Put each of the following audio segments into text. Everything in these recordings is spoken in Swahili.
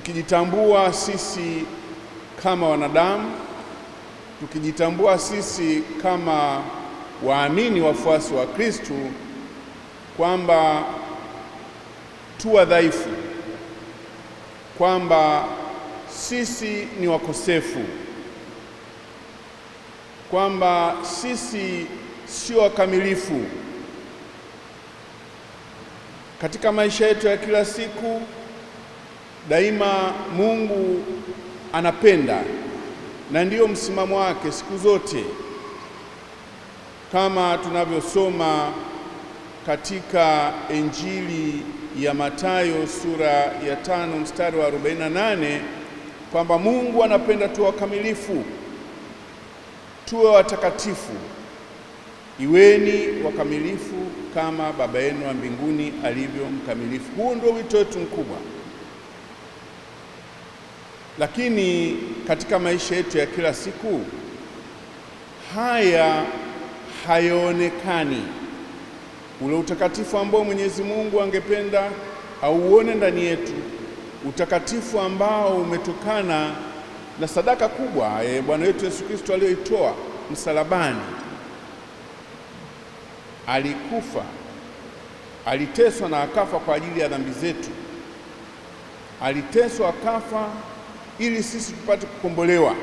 Tukijitambua sisi kama wanadamu, tukijitambua sisi kama waamini wafuasi wa Kristo kwamba tu wadhaifu, kwamba sisi ni wakosefu, kwamba sisi sio wakamilifu katika maisha yetu ya kila siku Daima Mungu anapenda na ndiyo msimamo wake siku zote, kama tunavyosoma katika Injili ya Mathayo sura ya tano mstari wa 48 kwamba Mungu anapenda tuwe wakamilifu, tuwe watakatifu, iweni wakamilifu kama Baba yenu wa mbinguni alivyo mkamilifu. Huu ndio wito wetu mkubwa. Lakini katika maisha yetu ya kila siku haya hayaonekani. Ule utakatifu ambao Mwenyezi Mungu angependa auone ndani yetu, utakatifu ambao umetokana na sadaka kubwa e, Bwana wetu Yesu Kristo aliyoitoa msalabani. Alikufa, aliteswa na akafa kwa ajili ya dhambi zetu, aliteswa akafa ili sisi tupate kukombolewa.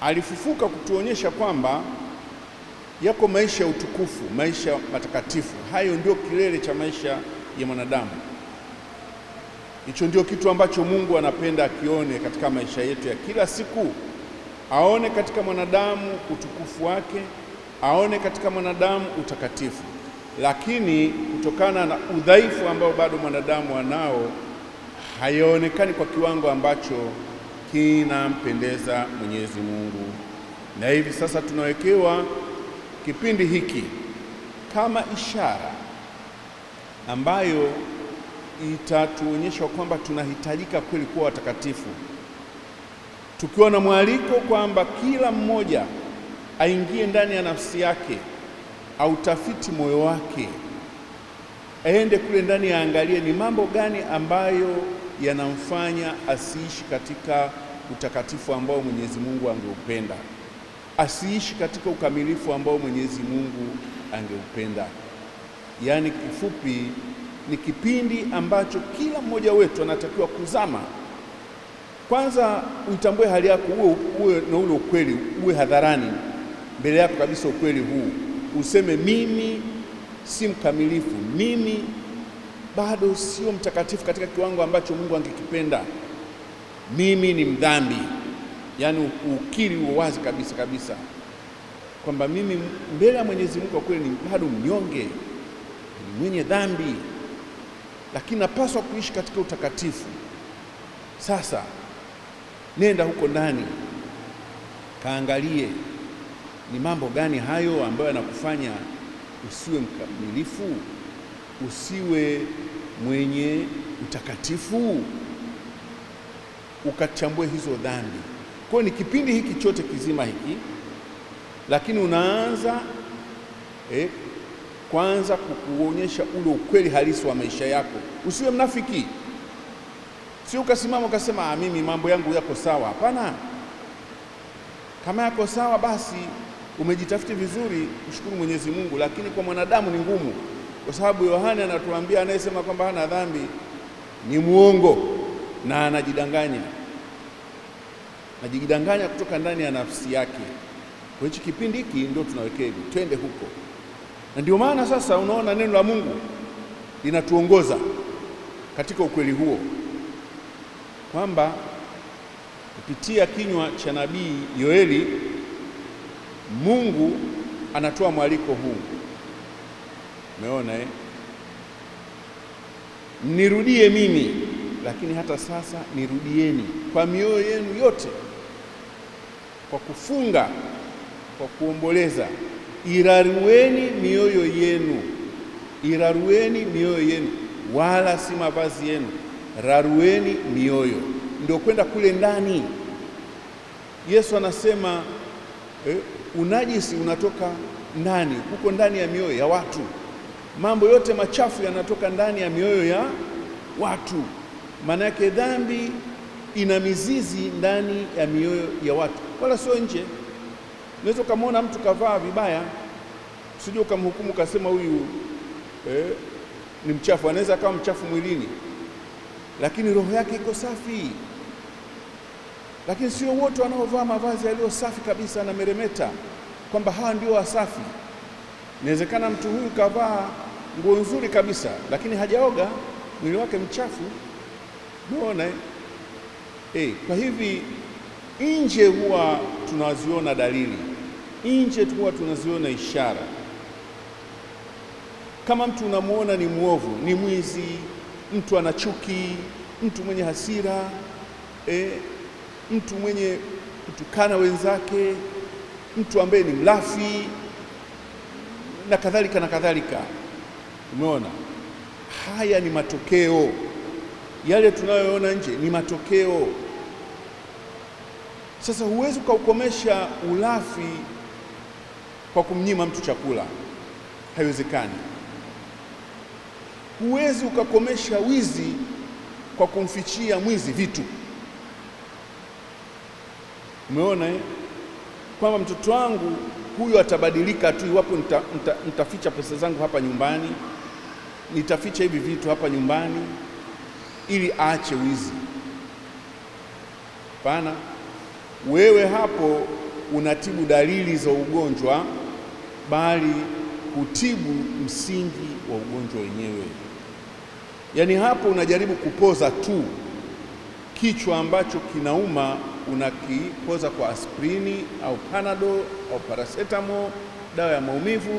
Alifufuka kutuonyesha kwamba yako maisha ya utukufu, maisha matakatifu. Hayo ndio kilele cha maisha ya mwanadamu. Hicho ndio kitu ambacho Mungu anapenda akione katika maisha yetu ya kila siku, aone katika mwanadamu utukufu wake, aone katika mwanadamu utakatifu, lakini kutokana na udhaifu ambao bado mwanadamu anao hayaonekani kwa kiwango ambacho kinampendeza Mwenyezi Mungu. Na hivi sasa tunawekewa kipindi hiki kama ishara ambayo itatuonyesha kwamba tunahitajika kweli kuwa watakatifu, tukiwa na mwaliko kwamba kila mmoja aingie ndani ya nafsi yake, autafiti moyo wake, aende kule ndani, aangalie ni mambo gani ambayo yanamfanya asiishi katika utakatifu ambao Mwenyezi Mungu angeupenda, asiishi katika ukamilifu ambao Mwenyezi Mungu angeupenda. Yaani kifupi, ni kipindi ambacho kila mmoja wetu anatakiwa kuzama kwanza, uitambue hali yako, uwe, uwe na ule ukweli, uwe hadharani mbele yako kabisa ukweli huu, useme mimi si mkamilifu, mimi bado sio mtakatifu katika kiwango ambacho Mungu angekipenda. Mimi ni mdhambi, yaani ukiri huo wazi kabisa kabisa kwamba mimi mbele ya Mwenyezi Mungu kwa kweli ni bado mnyonge, ni mwenye dhambi, lakini napaswa kuishi katika utakatifu. Sasa nenda huko ndani, kaangalie ni mambo gani hayo ambayo yanakufanya usiwe mkamilifu, usiwe mwenye utakatifu, ukachambue hizo dhambi. Kwa hiyo ni kipindi hiki chote kizima hiki, lakini unaanza eh, kwanza kukuonyesha ule ukweli halisi wa maisha yako. Usiwe mnafiki, si ukasimama ukasema ah, mimi mambo yangu yako sawa. Hapana, kama yako sawa basi umejitafiti vizuri, mshukuru Mwenyezi Mungu, lakini kwa mwanadamu ni ngumu kwa sababu Yohane anatuambia anayesema kwamba hana dhambi ni mwongo na anajidanganya, anajidanganya kutoka ndani ya nafsi yake. Kwa hichi kipindi hiki ndio tunawekea hivi, twende huko, na ndio maana sasa unaona neno la Mungu linatuongoza katika ukweli huo kwamba kupitia kinywa cha nabii Yoeli Mungu anatoa mwaliko huu Umeona eh? Mnirudie mimi, lakini hata sasa nirudieni kwa mioyo yenu yote, kwa kufunga, kwa kuomboleza. Irarueni mioyo yenu, irarueni mioyo yenu, wala si mavazi yenu. Rarueni mioyo, ndio kwenda kule ndani. Yesu anasema eh, unajisi unatoka ndani, huko ndani ya mioyo ya watu. Mambo yote machafu yanatoka ndani ya mioyo ya watu, maana yake dhambi ina mizizi ndani ya mioyo ya watu, wala sio nje. Unaweza ukamwona mtu kavaa vibaya, usije ukamhukumu ukasema huyu eh, ni mchafu. Anaweza akawa mchafu mwilini, lakini roho yake iko safi. Lakini sio wote wanaovaa mavazi yaliyo safi kabisa na meremeta kwamba hawa ndio wasafi. Inawezekana mtu huyu kavaa nguo nzuri kabisa, lakini hajaoga, mwili wake mchafu. Umeona eh? eh kwa hivi nje huwa tunaziona dalili, nje huwa tunaziona ishara. Kama mtu unamwona ni mwovu, ni mwizi, mtu ana chuki, mtu mwenye hasira eh, mtu mwenye kutukana wenzake, mtu ambaye ni mlafi na kadhalika na kadhalika Umeona, haya ni matokeo. Yale tunayoona nje ni matokeo. Sasa huwezi ukaukomesha ulafi kwa kumnyima mtu chakula, haiwezekani. Huwezi ukakomesha wizi kwa kumfichia mwizi vitu. Umeona eh? Kwamba mtoto wangu huyo atabadilika tu iwapo nitaficha nita, nita pesa zangu hapa nyumbani nitaficha hivi vitu hapa nyumbani ili aache wizi. Pana wewe hapo unatibu dalili za ugonjwa, bali hutibu msingi wa ugonjwa wenyewe. Yaani hapo unajaribu kupoza tu kichwa ambacho kinauma, unakipoza kwa aspirini au panado au paracetamol, dawa ya maumivu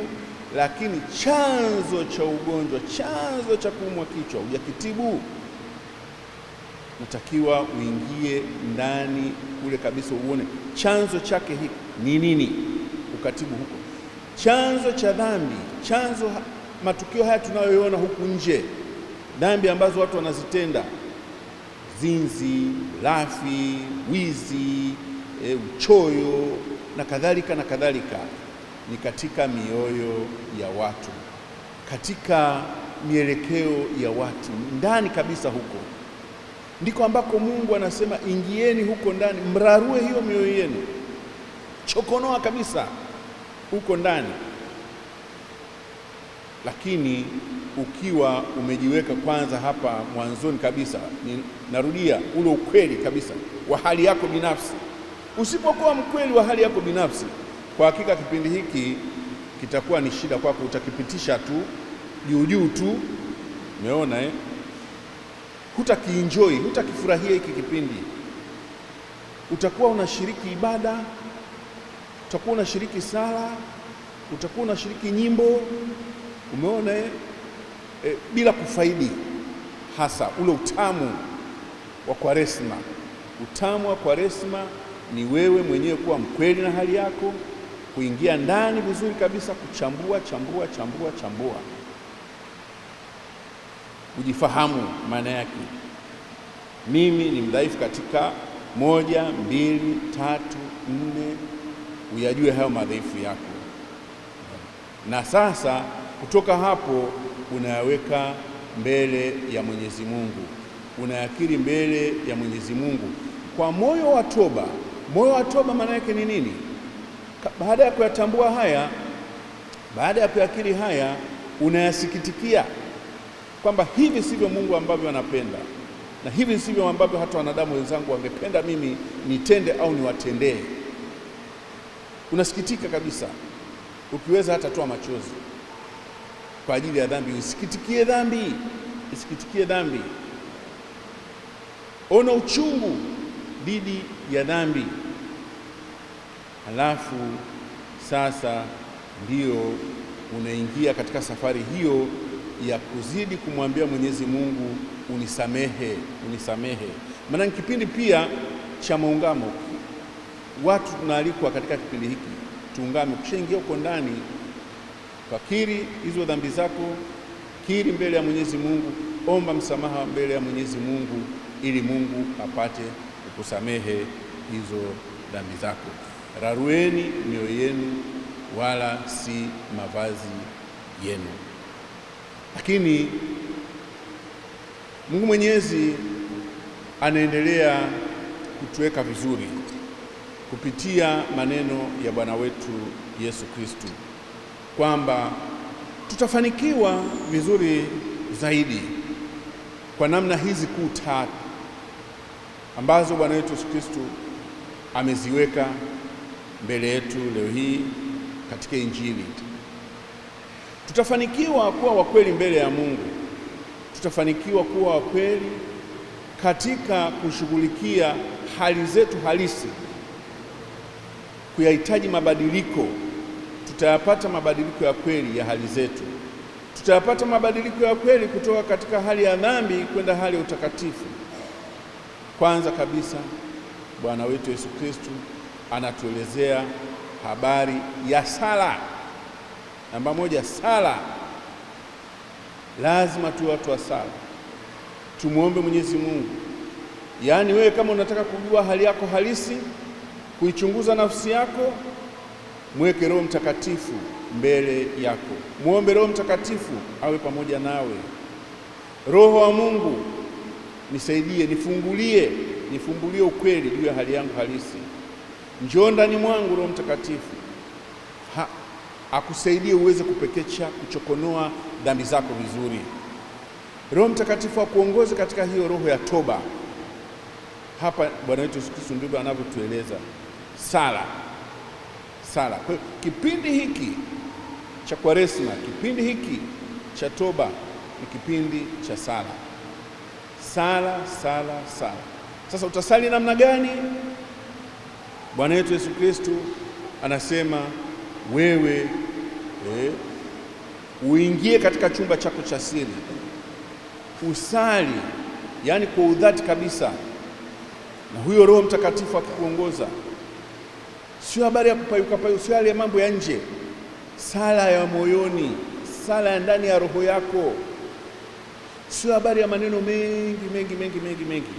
lakini chanzo cha ugonjwa, chanzo cha kuumwa kichwa hujakitibu, natakiwa uingie ndani kule kabisa, uone chanzo chake hiki ni nini, ukatibu huko chanzo cha dhambi, chanzo matukio haya tunayoona huku nje, dhambi ambazo watu wanazitenda, zinzi, lafi, wizi, e, uchoyo na kadhalika na kadhalika ni katika mioyo ya watu, katika mielekeo ya watu, ndani kabisa huko ndiko ambako Mungu anasema ingieni huko ndani, mrarue hiyo mioyo yenu, chokonoa kabisa huko ndani. Lakini ukiwa umejiweka kwanza hapa mwanzoni kabisa, narudia ule ukweli kabisa wa hali yako binafsi. Usipokuwa mkweli wa hali yako binafsi kwa hakika kipindi hiki kitakuwa ni shida kwako, utakipitisha tu juu juu tu, umeona eh? Hutakienjoy, hutakifurahia hiki kipindi. Utakuwa unashiriki ibada, utakuwa unashiriki sala, utakuwa unashiriki nyimbo, umeona eh? E, bila kufaidi hasa ule utamu wa Kwaresma. Utamu wa Kwaresma ni wewe mwenyewe kuwa mkweli na hali yako kuingia ndani vizuri kabisa, kuchambua chambua chambua chambua, kujifahamu maana yake, mimi ni mdhaifu katika moja, mbili, tatu, nne, uyajue hayo madhaifu yako, na sasa kutoka hapo unayaweka mbele ya Mwenyezi Mungu, unayakiri mbele ya Mwenyezi Mungu kwa moyo wa toba. Moyo wa toba maana yake ni nini? Baada ya kuyatambua haya, baada ya kuyakiri haya, unayasikitikia kwamba hivi sivyo Mungu ambavyo anapenda na hivi sivyo ambavyo hata wanadamu wenzangu wangependa mimi nitende au niwatendee. Unasikitika kabisa, ukiweza hata toa machozi kwa ajili ya dhambi. Usikitikie dhambi, usikitikie dhambi, ona uchungu dhidi ya dhambi halafu sasa ndio unaingia katika safari hiyo ya kuzidi kumwambia Mwenyezi Mungu unisamehe, unisamehe. Maana kipindi pia cha maungamo, watu tunaalikwa katika kipindi hiki tuungame. Ukishaingia huko ndani, fakiri hizo dhambi zako, kiri mbele ya Mwenyezi Mungu, omba msamaha mbele ya Mwenyezi Mungu ili Mungu apate kukusamehe hizo dhambi zako rarueni mioyo yenu, wala si mavazi yenu. Lakini Mungu Mwenyezi anaendelea kutuweka vizuri kupitia maneno ya Bwana wetu Yesu kristu kwamba tutafanikiwa vizuri zaidi kwa namna hizi kuu tatu ambazo Bwana wetu Yesu kristu ameziweka mbele yetu leo hii katika Injili. Tutafanikiwa kuwa wa kweli mbele ya Mungu, tutafanikiwa kuwa wa kweli katika kushughulikia hali zetu halisi. Kuyahitaji mabadiliko, tutayapata mabadiliko ya kweli ya hali zetu. Tutayapata mabadiliko ya kweli kutoka katika hali ya dhambi kwenda hali ya utakatifu. Kwanza kabisa Bwana wetu Yesu Kristo anatuelezea habari ya sala. Namba moja, sala. Lazima tuwe watu wa sala, tumwombe Mwenyezi Mungu. Yaani wewe kama unataka kujua hali yako halisi, kuichunguza nafsi yako, mweke Roho Mtakatifu mbele yako, mwombe Roho Mtakatifu awe pamoja nawe. Roho wa Mungu, nisaidie, nifungulie, nifungulie ukweli juu ya hali yangu halisi njoo ndani mwangu Roho Mtakatifu ha, akusaidie uweze kupekecha, kuchokonoa dhambi zako vizuri. Roho Mtakatifu akuongoze katika hiyo roho ya toba. Hapa Bwana wetu Yesu Kristo ndivyo anavyotueleza sala, sala. Kwa hiyo kipindi hiki cha Kwaresma, kipindi hiki cha toba ni kipindi cha sala, sala, sala, sala. Sasa utasali namna gani? Bwana wetu Yesu Kristo anasema wewe eh, uingie katika chumba chako cha siri usali, yaani kwa udhati kabisa, na huyo Roho Mtakatifu akikuongoza. Sio habari ya kupayuka payuka, sio hali ya mambo ya nje, sala ya moyoni, sala ya ndani ya roho yako, sio habari ya maneno mengi mengi mengi mengi mengi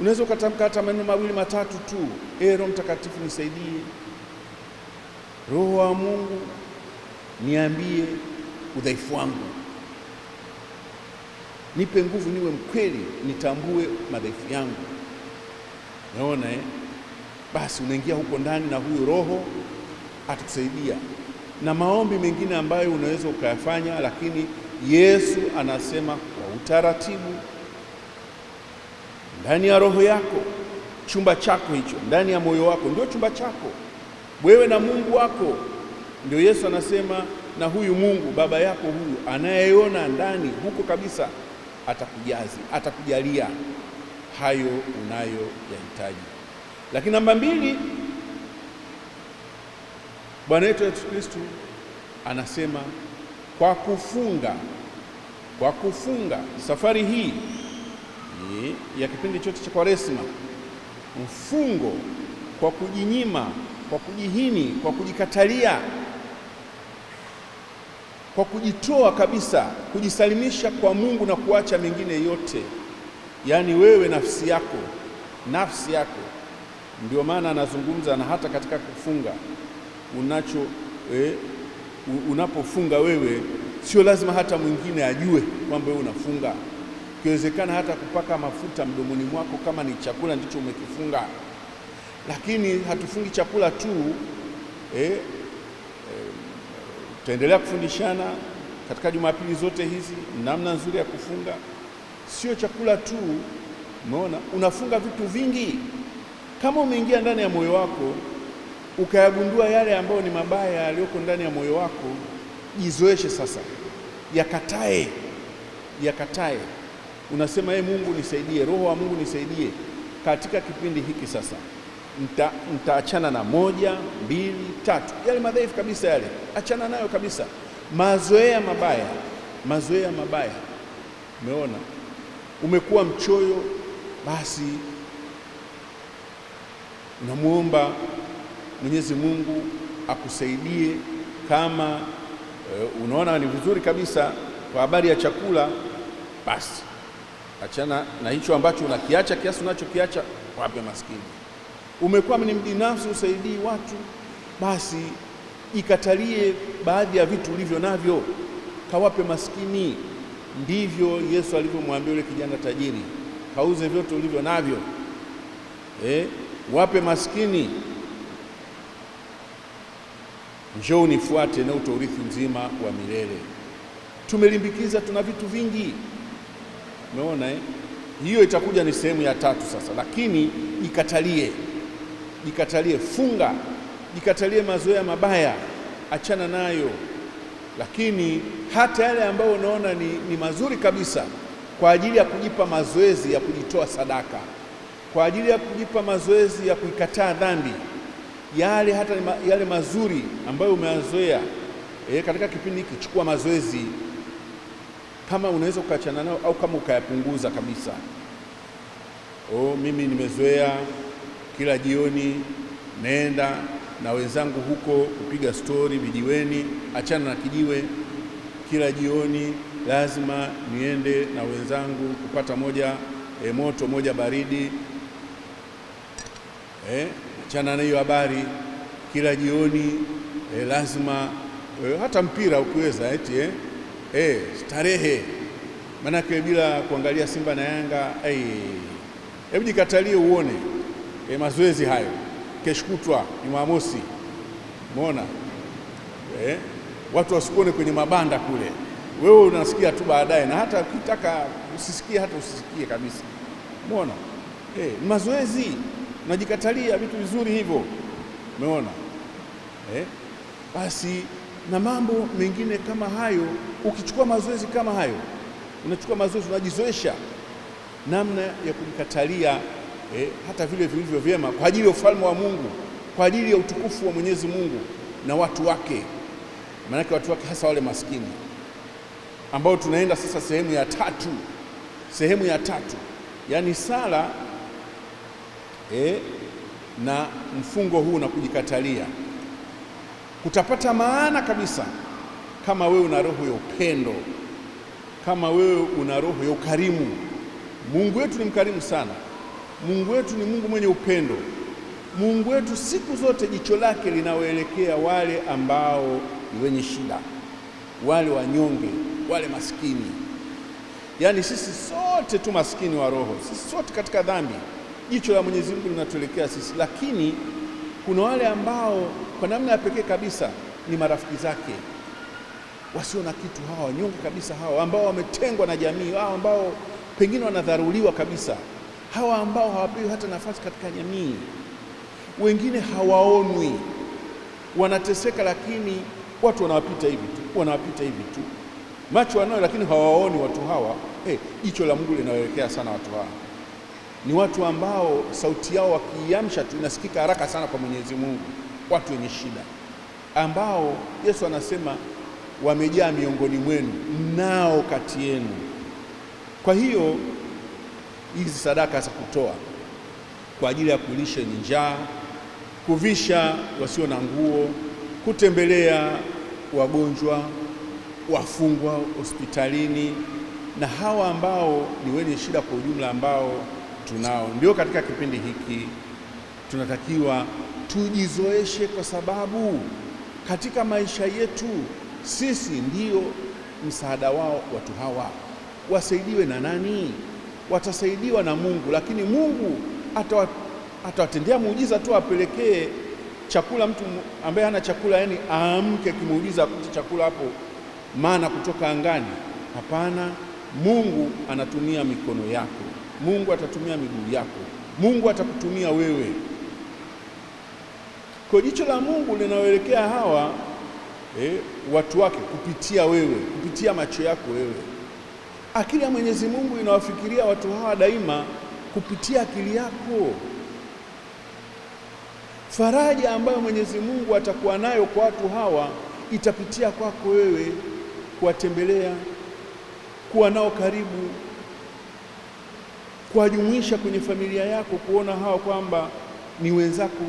Unaweza ukatamka hata maneno mawili matatu tu, ee Roho Mtakatifu nisaidie, Roho wa Mungu niambie udhaifu wangu, nipe nguvu, niwe mkweli, nitambue madhaifu yangu. Naona eh? Basi unaingia huko ndani na huyo Roho atakusaidia na maombi mengine ambayo unaweza ukayafanya, lakini Yesu anasema kwa utaratibu ndani ya roho yako, chumba chako hicho, ndani ya moyo wako, ndio chumba chako wewe na Mungu wako. Ndio Yesu anasema na huyu Mungu baba yako huyu anayeona ndani huko kabisa, atakujazi atakujalia hayo unayoyahitaji. Lakini namba mbili, Bwana wetu Yesu Kristo anasema kwa kufunga, kwa kufunga safari hii ya kipindi chote cha Kwaresma, mfungo kwa kujinyima, kwa kujihini, kwa kujikatalia, kwa kujitoa kabisa, kujisalimisha kwa Mungu na kuacha mengine yote, yaani wewe nafsi yako, nafsi yako. Ndio maana anazungumza na hata katika kufunga unacho eh, unapofunga wewe, sio lazima hata mwingine ajue kwamba wewe unafunga ikiwezekana hata kupaka mafuta mdomoni mwako, kama ni chakula ndicho umekifunga. Lakini hatufungi chakula tu eh, eh, tutaendelea kufundishana katika Jumapili zote hizi namna nzuri ya kufunga. Sio chakula tu, umeona, unafunga vitu vingi. Kama umeingia ndani ya moyo wako ukayagundua yale ambayo ni mabaya yaliyoko ndani ya moyo wako, jizoeshe sasa, yakatae, yakatae unasema ye, ee Mungu nisaidie, roho wa Mungu nisaidie katika kipindi hiki sasa nitaachana na moja mbili tatu, yale madhaifu kabisa yale, achana nayo kabisa, mazoea mabaya, mazoea mabaya. Umeona, umekuwa mchoyo, basi unamwomba Mwenyezi Mungu akusaidie. Kama e, unaona ni vizuri kabisa kwa habari ya chakula, basi achana na hicho ambacho unakiacha, kiasi unachokiacha wape maskini. Umekuwa ni mbinafsi, usaidii watu, basi ikatalie baadhi ya vitu ulivyo navyo, kawape maskini. Ndivyo Yesu alivyomwambia yule kijana tajiri, kauze vyote ulivyo navyo eh, wape maskini, njoo unifuate na utaurithi uzima wa milele. Tumelimbikiza, tuna vitu vingi Umeona eh? Hiyo itakuja ni sehemu ya tatu sasa, lakini ikatalie, ikatalie funga, ikatalie mazoea mabaya, achana nayo. Lakini hata yale ambayo unaona ni, ni mazuri kabisa kwa ajili ya kujipa mazoezi ya kujitoa sadaka, kwa ajili ya kujipa mazoezi ya kuikataa dhambi, yale hata yale mazuri ambayo umeyazoea. E, katika kipindi hiki chukua mazoezi kama unaweza ukaachana nao au kama ukayapunguza kabisa. Oh, mimi nimezoea kila jioni naenda na wenzangu huko kupiga stori vijiweni. Achana na kijiwe. Kila jioni lazima niende na wenzangu kupata moja e, moto moja baridi e, achana na hiyo habari. Kila jioni e, lazima e, hata mpira ukiweza eti eh eh, starehe, manake bila kuangalia Simba na Yanga hebu jikatalie uone eh, mazoezi hayo kesho kutwa Jumamosi, umeona eh, watu wasikuone kwenye mabanda kule, wewe unasikia tu baadaye, na hata ukitaka usisikie, hata usisikie kabisa, umeona eh, mazoezi unajikatalia vitu vizuri hivyo, umeona eh, basi na mambo mengine kama hayo. Ukichukua mazoezi kama hayo, unachukua mazoezi, unajizoesha namna ya kumkatalia eh, hata vile vilivyo vyema kwa ajili ya ufalme wa Mungu, kwa ajili ya utukufu wa Mwenyezi Mungu na watu wake, maanake watu wake hasa wale maskini, ambao tunaenda sasa sehemu ya tatu, sehemu ya tatu, yaani sala eh, na mfungo huu na kujikatalia kutapata maana kabisa kama wewe una roho ya upendo, kama wewe una roho ya ukarimu. Mungu wetu ni mkarimu sana. Mungu wetu ni Mungu mwenye upendo. Mungu wetu siku zote jicho lake linawaelekea wale ambao ni wenye shida, wale wanyonge, wale maskini. Yaani sisi sote tu maskini wa roho, sisi sote katika dhambi, jicho la Mwenyezi Mungu linatuelekea sisi, lakini kuna wale ambao kwa namna ya pekee kabisa ni marafiki zake wasio na kitu, hawa wanyonge kabisa, hawa ambao wametengwa na jamii, hawa ambao pengine wanadharuliwa kabisa, hawa ambao hawapewi hata nafasi katika jamii, wengine hawaonwi, wanateseka, lakini watu wanawapita hivi tu, wanawapita hivi tu, macho wanayo, lakini hawaoni watu hawa. Hey, eh, jicho la Mungu linawaelekea sana watu hawa ni watu ambao sauti yao wakiiamsha tu inasikika haraka sana kwa Mwenyezi Mungu, watu wenye shida ambao Yesu anasema wamejaa miongoni mwenu, mnao kati yenu. Kwa hiyo hizi sadaka za kutoa kwa ajili ya kulisha wenye njaa, kuvisha wasio na nguo, kutembelea wagonjwa, wafungwa hospitalini na hawa ambao ni wenye shida kwa ujumla ambao tunao. Ndio katika kipindi hiki tunatakiwa tujizoeshe, kwa sababu katika maisha yetu sisi ndio msaada wao. Watu hawa wasaidiwe na nani? Watasaidiwa na Mungu, lakini Mungu atawatendea muujiza tu, apelekee chakula mtu ambaye hana chakula, yani aamke kimuujiza akute chakula hapo, maana kutoka angani? Hapana, Mungu anatumia mikono yako Mungu atatumia miguu yako, Mungu atakutumia wewe. Kwa jicho la Mungu linaoelekea hawa eh, watu wake kupitia wewe, kupitia macho yako wewe. Akili ya Mwenyezi Mungu inawafikiria watu hawa daima kupitia akili yako. Faraja ambayo Mwenyezi Mungu atakuwa nayo kwa watu hawa itapitia kwako wewe, kuwatembelea, kuwa nao karibu kuwajumuisha kwenye familia yako, kuona hawa kwamba ni wenzako,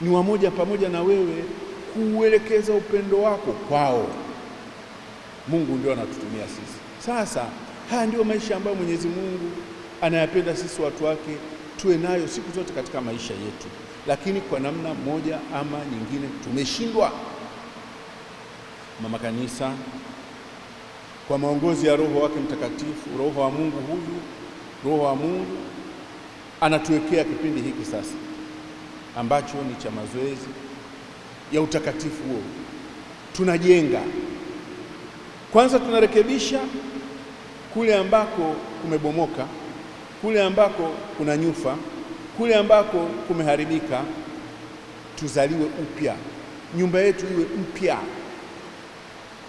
ni wamoja pamoja na wewe, kuuelekeza upendo wako kwao. Mungu ndio anatutumia sisi. Sasa haya ndio maisha ambayo Mwenyezi Mungu anayapenda sisi watu wake tuwe nayo siku zote katika maisha yetu, lakini kwa namna moja ama nyingine tumeshindwa. Mama Kanisa kwa maongozi ya Roho wake Mtakatifu, Roho wa Mungu huyu Roho wa Mungu anatuwekea kipindi hiki sasa ambacho ni cha mazoezi ya utakatifu huo. Tunajenga kwanza, tunarekebisha kule ambako kumebomoka, kule ambako kuna nyufa, kule ambako kumeharibika, tuzaliwe upya, nyumba yetu iwe mpya,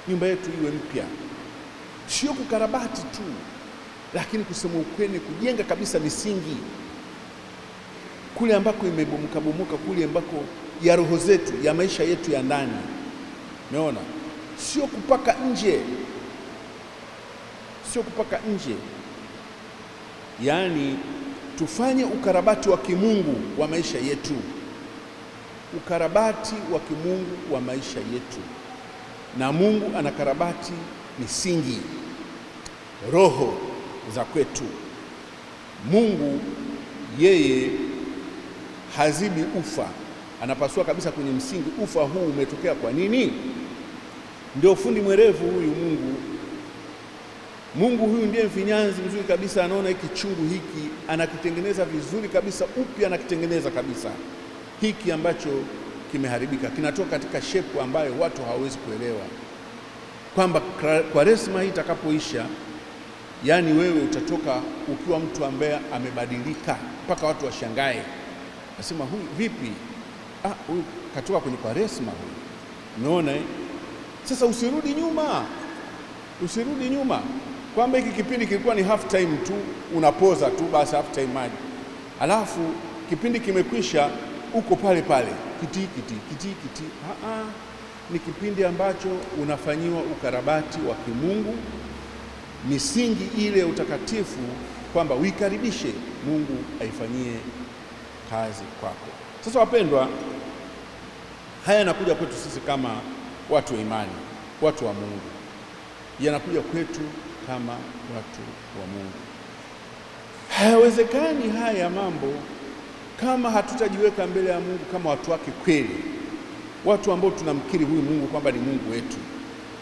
nyumba yetu iwe mpya, sio kukarabati tu lakini kusema ukweli, kujenga kabisa misingi kule ambako imebomoka bomoka, kule ambako ya roho zetu ya maisha yetu ya ndani, umeona, sio kupaka nje, sio kupaka nje, yaani tufanye ukarabati wa kimungu wa maisha yetu, ukarabati wa kimungu wa maisha yetu. Na Mungu anakarabati misingi, roho za kwetu. Mungu yeye hazibi ufa, anapasua kabisa kwenye msingi. Ufa huu umetokea kwa nini? Ndio fundi mwerevu huyu Mungu. Mungu huyu ndiye mfinyanzi mzuri kabisa, anaona hiki chungu hiki anakitengeneza vizuri kabisa, upya anakitengeneza kabisa. Hiki ambacho kimeharibika kinatoka katika shepu ambayo watu hawawezi kuelewa, kwamba Kwaresma hii itakapoisha Yaani wewe utatoka ukiwa mtu ambaye amebadilika mpaka watu washangae, nasema huyu vipi? Ah, huyu katoka kwenye Kwaresma huyu. Unaona eh? sasa, usirudi nyuma, usirudi nyuma kwamba hiki kipindi kilikuwa ni half time tu, unapoza tu basi half time maji, alafu kipindi kimekwisha, uko pale pale kiti kiti kiti kiti. Ah, ah, ni kipindi ambacho unafanyiwa ukarabati wa kimungu misingi ile ya utakatifu, kwamba uikaribishe Mungu aifanyie kazi kwako. Sasa wapendwa, haya yanakuja kwetu sisi kama watu wa imani, watu wa Mungu, yanakuja kwetu kama watu wa Mungu. Hayawezekani haya mambo kama hatutajiweka mbele ya Mungu kama watu wake kweli, watu ambao tunamkiri huyu Mungu kwamba ni Mungu wetu,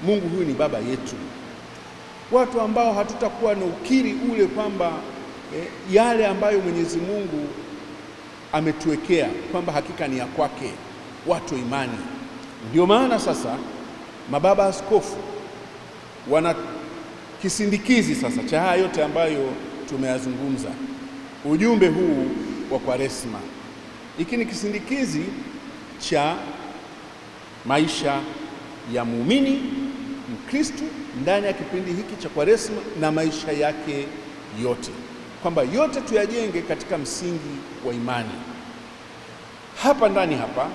Mungu huyu ni baba yetu watu ambao hatutakuwa na ukiri ule kwamba eh, yale ambayo Mwenyezi Mungu ametuwekea kwamba hakika ni ya kwake, watu imani. Ndio maana sasa mababa askofu wana kisindikizi sasa cha haya yote ambayo tumeyazungumza, ujumbe huu wa Kwaresma. Hiki ni kisindikizi cha maisha ya muumini Mkristo ndani ya kipindi hiki cha Kwaresma na maisha yake yote, kwamba yote tuyajenge katika msingi wa imani. Hapa ndani hapa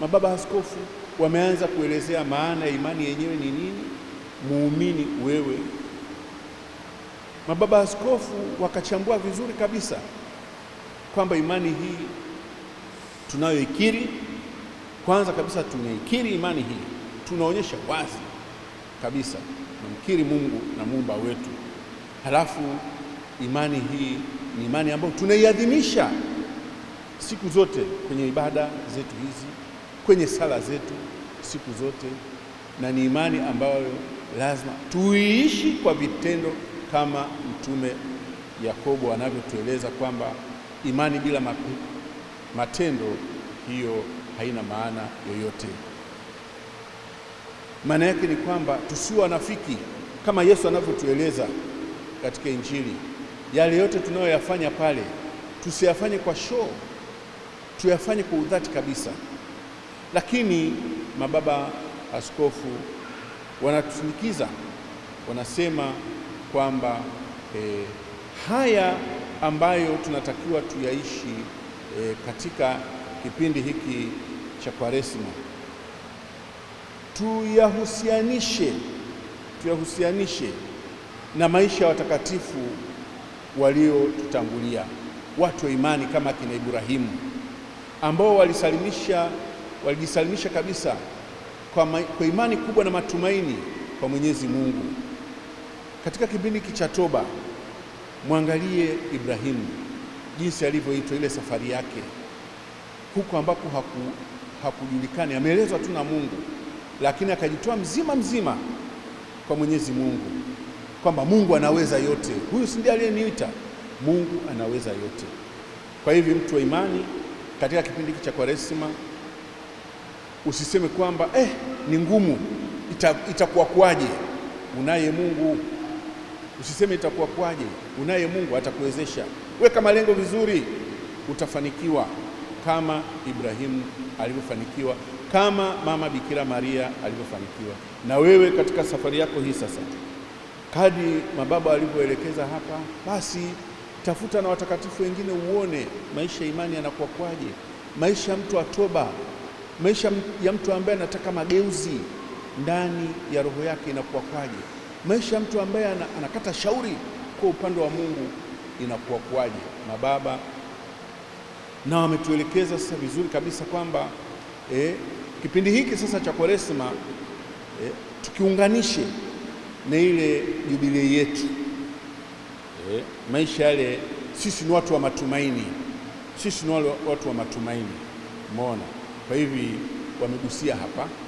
mababa askofu wameanza kuelezea maana ya imani yenyewe ni nini, muumini wewe. Mababa askofu wakachambua vizuri kabisa kwamba imani hii tunayoikiri, kwanza kabisa tunaikiri imani hii, tunaonyesha wazi kabisa, namkiri Mungu na muumba wetu. Halafu imani hii ni imani ambayo tunaiadhimisha siku zote kwenye ibada zetu hizi, kwenye sala zetu siku zote, na ni imani ambayo lazima tuiishi kwa vitendo, kama Mtume Yakobo anavyotueleza kwamba imani bila matendo hiyo haina maana yoyote. Maana yake ni kwamba tusiwe wanafiki kama Yesu anavyotueleza katika Injili. Yale yote tunayoyafanya pale tusiyafanye kwa show, tuyafanye kwa udhati kabisa. Lakini mababa askofu wanatusindikiza, wanasema kwamba eh, haya ambayo tunatakiwa tuyaishi eh, katika kipindi hiki cha Kwaresima tuyahusianishe tuyahusianishe na maisha ya watakatifu waliotutangulia, watu wa imani kama kina Ibrahimu ambao walisalimisha walijisalimisha kabisa kwa, ma, kwa imani kubwa na matumaini kwa Mwenyezi Mungu. Katika kipindi hiki cha toba, mwangalie Ibrahimu jinsi alivyoitwa, ile safari yake huko ambapo haku, hakujulikani, ameelezwa tu na Mungu lakini akajitoa mzima mzima kwa Mwenyezi Mungu, kwamba Mungu anaweza yote, huyu si ndiye aliyeniita? Mungu anaweza yote. Kwa hivyo mtu wa imani, katika kipindi hiki cha Kwaresima usiseme kwamba eh, ni ngumu, itakuwa ita kwaje? Unaye Mungu. Usiseme itakuwa kwaje, unaye Mungu atakuwezesha. Weka malengo vizuri, utafanikiwa kama Ibrahimu alivyofanikiwa kama mama Bikira Maria alivyofanikiwa. Na wewe katika safari yako hii sasa, kadi mababa walivyoelekeza hapa, basi tafuta na watakatifu wengine, uone maisha imani yanakuwa kwaje, maisha ya mtu wa toba, maisha ya mtu ambaye anataka mageuzi ndani ya roho yake inakuwa kwaje, maisha ya mtu ambaye anakata shauri kwa upande wa Mungu inakuwa kwaje. Mababa na wametuelekeza sasa vizuri kabisa kwamba e, kipindi hiki sasa cha Kwaresma e, eh, tukiunganishe na ile jubilei yetu e, maisha yale. Sisi ni watu wa matumaini, sisi ni watu wa matumaini. Umeona, kwa hivi wamegusia hapa.